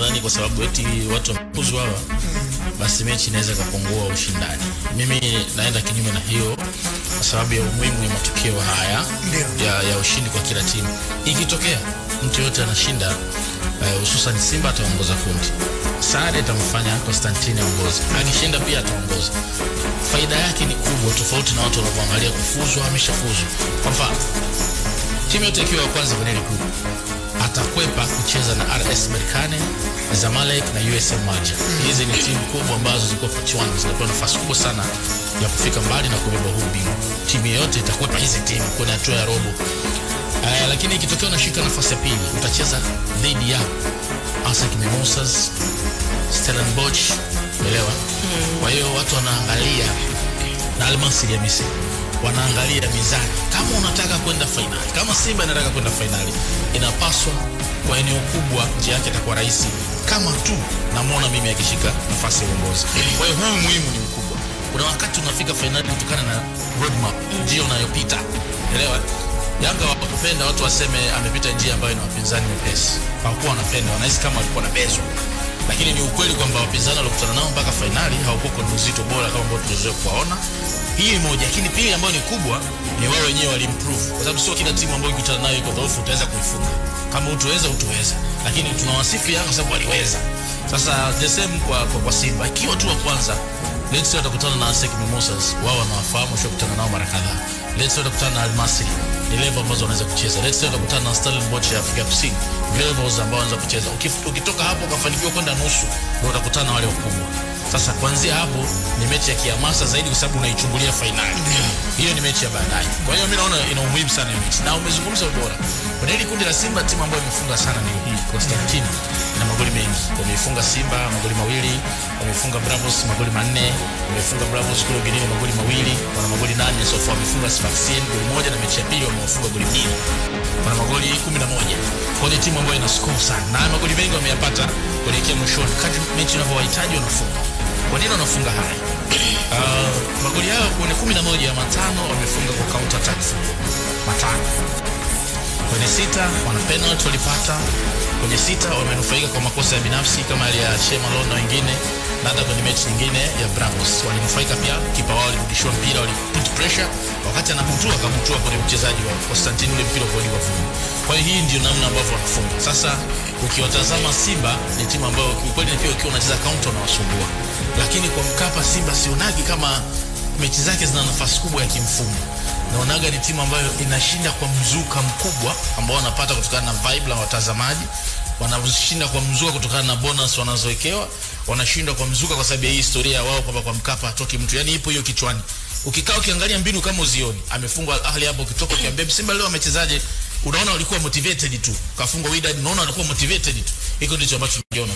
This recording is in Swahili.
nadhani kwa sababu eti watu wamekuzwa hawa, basi mechi inaweza kupungua ushindani. Mimi naenda kinyume na hiyo kwa sababu ya umuhimu wa matokeo haya ya, ya ushindi kwa kila timu. Ikitokea mtu yote anashinda eh, hususan uh, Simba ataongoza kundi, sare itamfanya Constantine aongoze, akishinda pia ataongoza. Faida yake ni kubwa, tofauti na watu wanavyoangalia kufuzwa. Ameshafuzwa kwa mfano, timu yote ikiwa ya kwanza kwenye ligi kuu atakwepa kucheza na RS Berkane, Zamalek na USM Alger. Hizi ni timu kubwa ambazo ziko kichwani, zinapewa nafasi kubwa sana ya kufika mbali na kubeba huu ubingwa. Timu yoyote itakwepa hizi timu kwenye hatua ya robo. Uh, lakini ikitokea unashika nafasi ya pili, utacheza dhidi ya ASEC Mimosas, Stellenbosch, umeelewa? Kwa hiyo watu wanaangalia na Al ya Misri wanaangalia mizani. Kama unataka kwenda fainali, kama Simba inataka kwenda fainali, inapaswa kwa eneo kubwa njia yake itakuwa rahisi, kama tu namwona mimi akishika nafasi ya uongozi. Kwa hiyo huu muhimu ni mkubwa. Kuna wakati unafika fainali kutokana na roadmap, njia unayopita, elewa Yanga wakupenda watu waseme amepita njia ambayo ina wapinzani wepesi, hawakuwa wanapenda, wanahisi kama walikuwa na bezwa lakini ni ukweli kwamba wapinzani waliokutana nao mpaka fainali hawakuwa kwenye uzito bora kama ambao tulizoea kuwaona. Hii ni moja, lakini pili ambayo ni kubwa ni wao wenyewe walimprove, kwa sababu sio kila timu ambayo ikutana nayo iko dhaifu utaweza kuifunga. Kama utuweza utuweza, lakini tunawasifu Yanga kwa sababu waliweza. Sasa the same kwa, kwa, kwa Simba, ikiwa tu wa kwanza let's say watakutana na ASEC Mimosas, wao wanawafahamu, washakutana nao mara kadhaa Let's wakakutana na Almasi, ni level ambazo wanaweza kucheza. Let's wakakutana na Stellenbosch ya Afrika Kusini, levels ambao wanaweza kucheza. Ukitoka hapo ukafanikiwa kwenda nusu, ndio utakutana na wale wakubwa. Sasa kuanzia hapo ni mechi ya kihamasa zaidi, kwa sababu unaichungulia fainali hiyo. Ni mechi ya baadaye, kwa hiyo mimi naona ina umuhimu sana hiyo mechi. Na umezungumza ubora kwenye hili kundi la Simba, timu ambayo imefunga sana ni hii Constantine na magoli mengi. Wameifunga Simba magoli mawili, wamefunga Bravos magoli manne, wamefunga Bravos kule ugenini magoli mawili, wana magoli nane so far. Wamefunga Sfaxien goli moja na mechi ya pili wamewafunga goli mbili, wana magoli 11 kwenye timu ambayo ina score sana na magoli mengi wameyapata kuelekea mwishoni, kadri mechi inavyowahitaji wanafunga. Kwa nini wanafunga haya? Uh, magoli yao kwenye 11 ya matano wamefunga kwa counter attacks. Matano. Kwenye sita wana penalty walipata. Kwenye sita wamenufaika kwa makosa ya binafsi kama ile ya Shema na wengine na hata kwenye mechi nyingine ya Bravos walinufaika pia, kipa wao alirudishwa mpira, waliput pressure wakati anabutua, akamtua kwenye mchezaji wa Constantine, ule mpira kwa kwa kwa hiyo hii ndio namna ambavyo wanafunga. Sasa ukiwatazama Simba ni timu ambayo kiukweli pia ukiwa unacheza kaunta unawasumbua, lakini kwa Mkapa Simba sionagi kama mechi zake zina nafasi kubwa ya kimfumo. Naonaga ni timu ambayo inashinda kwa mzuka mkubwa ambao wanapata kutokana na vibe la watazamaji wanashinda kwa mzuka kutokana na bonus wanazowekewa, wanashinda kwa mzuka kwa sababu ya hii historia ya wao kwamba kwa Mkapa hatoki mtu, yani ipo hiyo kichwani. Ukikaa ukiangalia mbinu kama uzioni, amefungwa Al Ahly hapo, ukitoka ukiambia Simba leo amechezaje unaona walikuwa motivated tu, kafungwa Wydad, unaona walikuwa motivated tu. Hiko ndicho ambacho tunakiona.